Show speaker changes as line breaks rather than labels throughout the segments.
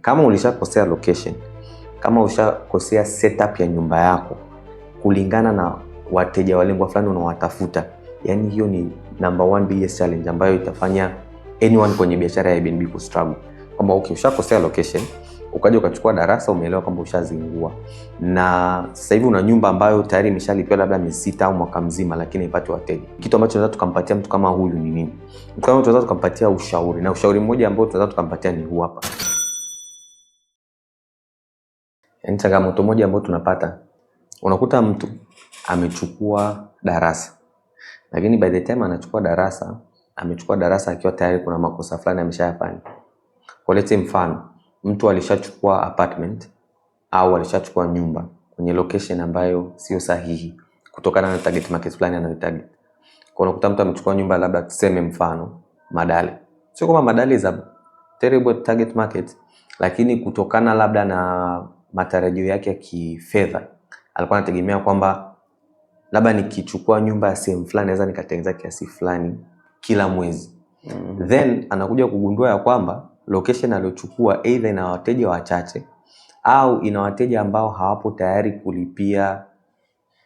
Kama ulishakosea location, kama ulishakosea setup ya nyumba yako kulingana na wateja walengwa fulani unawatafuta, yani hiyo ni number one biggest challenge ambayo itafanya anyone kwenye biashara ya Airbnb ku struggle kwamba okay, ushakosea location ukaja ukachukua darasa, umeelewa kwamba ushazingua, na sasa hivi una nyumba ambayo tayari imeshalipiwa labda miezi sita au mwaka mzima, lakini haipati wateja. Kitu ambacho tunaweza tukampatia mtu kama huyu ni nini? Mtu kama tunaweza tukampatia ushauri, na ushauri mmoja ambao tunaweza tukampatia ni huu hapa. Yaani changamoto moja ambayo tunapata, unakuta mtu amechukua darasa, lakini by the time anachukua darasa amechukua darasa akiwa tayari kuna makosa fulani ameshayafanya. Kwa Lete mfano, mtu alishachukua apartment au alishachukua nyumba kwenye location ambayo sio sahihi kutokana na target market fulani anayotarget. Kwa unakuta mtu amechukua nyumba labda tuseme mfano Madale. Sio kama Madale is a terrible target market, lakini kutokana labda na matarajio yake ya kifedha. Alikuwa anategemea kwamba labda nikichukua nyumba ya sehemu fulani naweza nikatengeneza kiasi fulani kila mwezi. mm -hmm. Then anakuja kugundua ya kwamba location aliyochukua aidha ina wateja wachache au ina wateja ambao hawapo tayari kulipia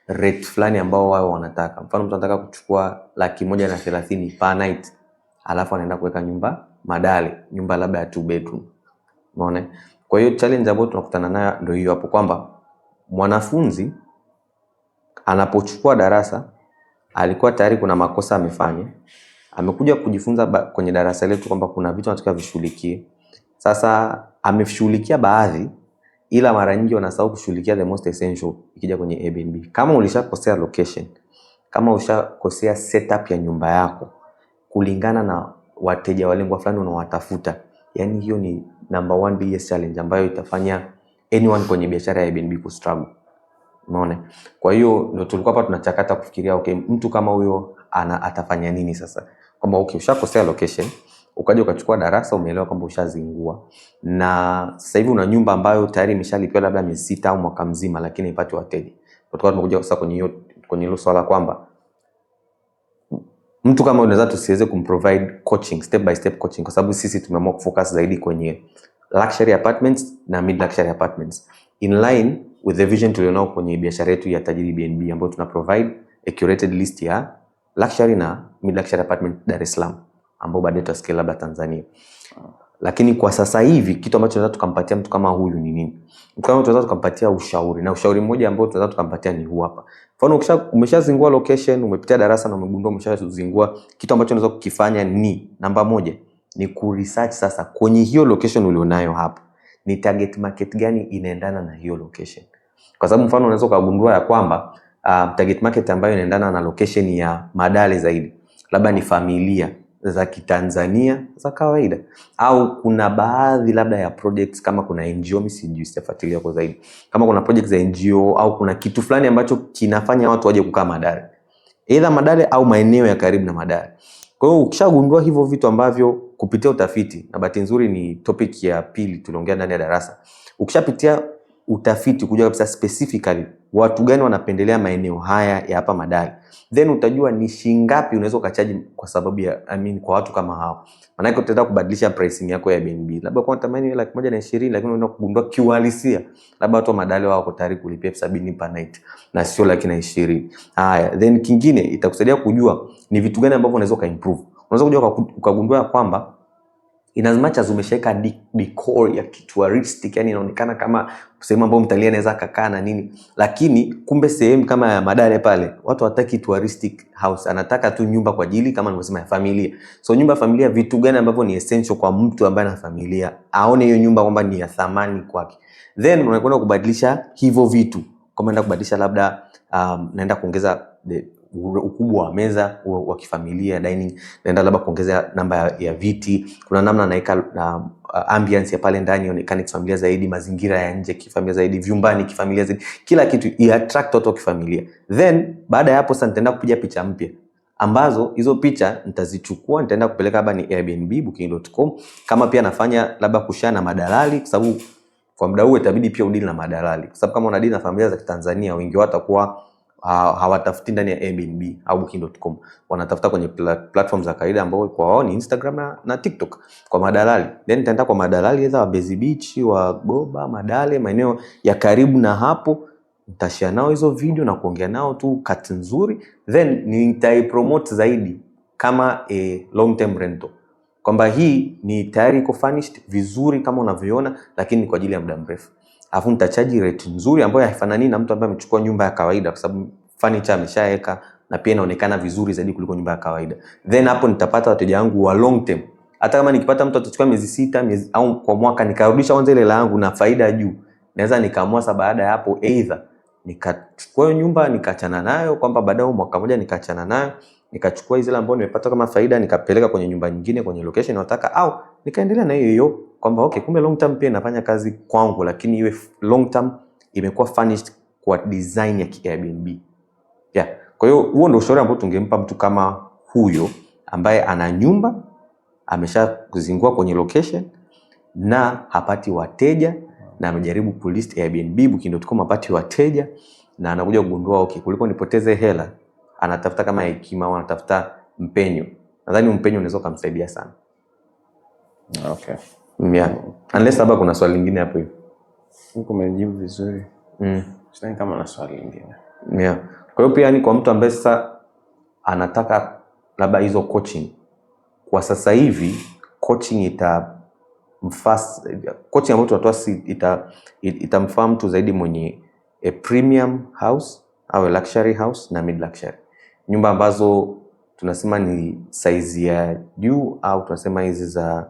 rate fulani ambao wao wanataka. Mfano, mtu anataka kuchukua laki moja na thelathini per night, alafu anaenda kuweka nyumba Madale, nyumba labda ya two bedroom. Umeona? Kwa hiyo challenge ambayo tunakutana nayo ndio hiyo hapo, kwamba mwanafunzi anapochukua darasa alikuwa tayari kuna makosa amefanya, amekuja kujifunza kwenye darasa letu kwamba kuna vitu anataka vishughulikie. Sasa ameshughulikia baadhi, ila mara nyingi wanasahau kushughulikia the most essential. Ikija kwenye Airbnb, kama ulishakosea location, kama ulishakosea setup ya nyumba yako kulingana na wateja walengwa fulani unawatafuta, yani hiyo ni number one biggest challenge ambayo itafanya anyone kwenye biashara ya Airbnb ku struggle. Unaona? Kwa hiyo ndio tulikuwa hapa tunachakata kufikiria okay, mtu kama huyo ana atafanya nini sasa? Kama okay, ushakosea location, ukaja ukachukua darasa, umeelewa kwamba ushazingua. Na sasa hivi una nyumba ambayo tayari imeshalipiwa labda miezi sita au mwaka mzima, lakini haipati wateja. Kwa Tutakuwa tumekuja sasa kwenye hiyo kwenye hilo swala kwamba mtu kama unaweza tusiweze kumprovide coaching step by step coaching, kwa sababu sisi tumeamua kufocus zaidi kwenye luxury apartments na mid luxury apartments in line with the vision tulionao kwenye biashara yetu ya Tajiri BNB ambayo tuna provide a curated list ya luxury na mid luxury apartment Dar es Salaam ambao baadaye tutascale labda Tanzania. Lakini kwa sasa hivi kitu ambacho tunaweza tukampatia mtu kama huyu ni nini? Mtu kama tunaweza tukampatia ushauri na ushauri mmoja ambao tunaweza tukampatia ni huu hapa. Mfano ukisha umeshazingua location, umepitia darasa na umegundua umeshazingua, kitu ambacho unaweza kukifanya ni namba moja ni ku research sasa kwenye hiyo location ulionayo hapo. Ni target market gani inaendana na hiyo location? Kwa sababu mfano unaweza kugundua ya kwamba uh, target market ambayo inaendana na location ya madale zaidi labda ni familia za Kitanzania za kawaida, au kuna baadhi labda ya projects, kama kuna NGO, mimi sijui, kwa zaidi, kama kuna projects za NGO au kuna kitu fulani ambacho kinafanya watu waje kukaa Madare, eidha Madare au maeneo ya karibu na Madare. Kwa hiyo ukishagundua hivyo vitu ambavyo kupitia utafiti, na bahati nzuri ni topic ya pili tuliongea ndani ya darasa, ukishapitia utafiti kujua kabisa specifically watu gani wanapendelea maeneo haya ya hapa Madari, then utajua ni shingapi unaweza ukachaji kwa sababu ya I mean, kwa watu kama hao, maanake utaenda kubadilisha pricing yako ya BNB, labda kwa natamani laki moja na ishirini, lakini unaenda kugundua kiuhalisia labda watu wa Madari wao wako tayari kulipia elfu sabini per night na sio laki na ishirini. Haya, then kingine itakusaidia kujua ni vitu gani ambavyo unaweza ukaimprove, unaweza kujua ukagundua kwamba in as umeshaweka decor ya kituaristic, yani inaonekana kama sehemu ambayo mtalii anaweza akakaa na nini, lakini kumbe sehemu kama ya Madare pale watu hawataki touristic house, anataka tu nyumba kwa ajili kama nilivyosema ya familia. So nyumba ya familia, vitu gani ambavyo ni essential kwa mtu ambaye ana familia, aone hiyo nyumba kwamba ni ya thamani kwake, then unakwenda kubadilisha hivyo vitu, kama naenda kubadilisha labda um, naenda kuongeza ukubwa wa meza wa kifamilia dining, naenda labda kuongezea namba ya ya viti, kuna namna naweka na uh, ambiance ya pale ndani ionekane kifamilia zaidi, mazingira ya nje kifamilia zaidi, vyumbani kifamilia zaidi, kila kitu i attract watu wa kifamilia. Then baada ya hapo sasa nitaenda kupiga picha mpya ambazo hizo picha nitazichukua nitaenda kupeleka labda ni Airbnb, booking.com, kama pia nafanya labda kushare na madalali, kwa sababu kwa muda huu itabidi pia udili na madalali, kwa sababu kama unadili na familia za Kitanzania wengi watakuwa hawatafuti ndani ya Airbnb au booking.com, wanatafuta kwenye platform za kawaida ambao kwa wao ni Instagram na, na TikTok kwa madalali. Then nitaenda kwa madalali za wa Mbezi Beach, wa Goba, Madale, maeneo ya karibu na hapo ntashia nao hizo video na kuongea nao tu kati nzuri, then nitaipromote zaidi kama a e, long term rental kwamba hii ni tayari iko furnished vizuri kama unavyoona, lakini ni kwa ajili ya muda mrefu afu nitachaji rate nzuri ambayo haifanani na mtu ambaye amechukua nyumba ya kawaida, kwa sababu furniture ameshaweka na pia inaonekana vizuri zaidi kuliko nyumba ya kawaida. Then hapo nitapata wateja wangu wa long term. Hata kama nikipata mtu atachukua miezi sita miezi au kwa mwaka, nikarudisha kwanza ile langu na faida juu, naweza nikaamua sasa baada ya hapo, either nikachukua nyumba nikaachana nayo, kwamba baadaye mwaka mmoja nikaachana nayo nikachukua zile ambazo nimepata kama faida nikapeleka kwenye nyumba nyingine kwenye location nataka, au nikaendelea na hiyo hiyo kwamba okay, kumbe long term pia inafanya kazi kwangu, lakini iwe long term imekuwa furnished kwa design ya Airbnb. Yeah. Kwa hiyo huo ndio ushauri ambao tungempa mtu kama huyo ambaye ana nyumba ameshazingua kwenye location na hapati wateja na amejaribu kulist Airbnb, Booking.com hapati wateja na anakuja kugundua okay, kuliko nipoteze hela anatafuta kama hekima au anatafuta mpenyo, nadhani mpenyo unaweza ukamsaidia sana. Okay. Yeah. Unless labda kuna swali lingine hapo hivi.
Umejibu vizuri. Mm. Sidhani kama na swali lingine.
Yeah. Kwa hiyo pia ni kwa mtu ambaye sasa anataka labda hizo coaching. Kwa sasa hivi coaching ita mfas, coaching ambayo tunatoa ita itamfaa mtu zaidi mwenye a premium house au a luxury house na mid luxury nyumba ambazo tunasema ni saizi ya juu au tunasema hizi za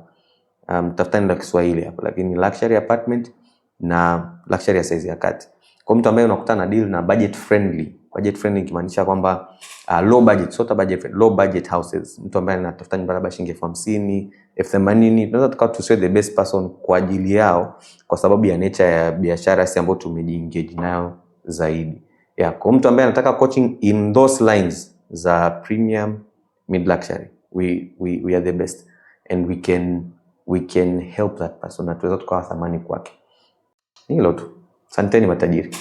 um, tafuta la Kiswahili hapo, lakini luxury apartment na luxury ya saizi ya kati. Kwa mtu ambaye unakutana na deal na budget friendly, budget friendly ikimaanisha kwamba uh, low budget, sort of budget friendly, low budget houses. Mtu ambaye anatafuta nyumba labda shilingi elfu hamsini elfu themanini tunaweza tukawa tusiwe the best person kwa ajili yao, kwa sababu ya nature ya biashara si ambayo tumejiengage nayo zaidi. Yeah, kwa mtu ambaye anataka coaching in those lines za premium mid luxury, we, we, we are the best and we can, we can help that person, na tuweza tukawa thamani kwake. Hilo tu, santeni matajiri.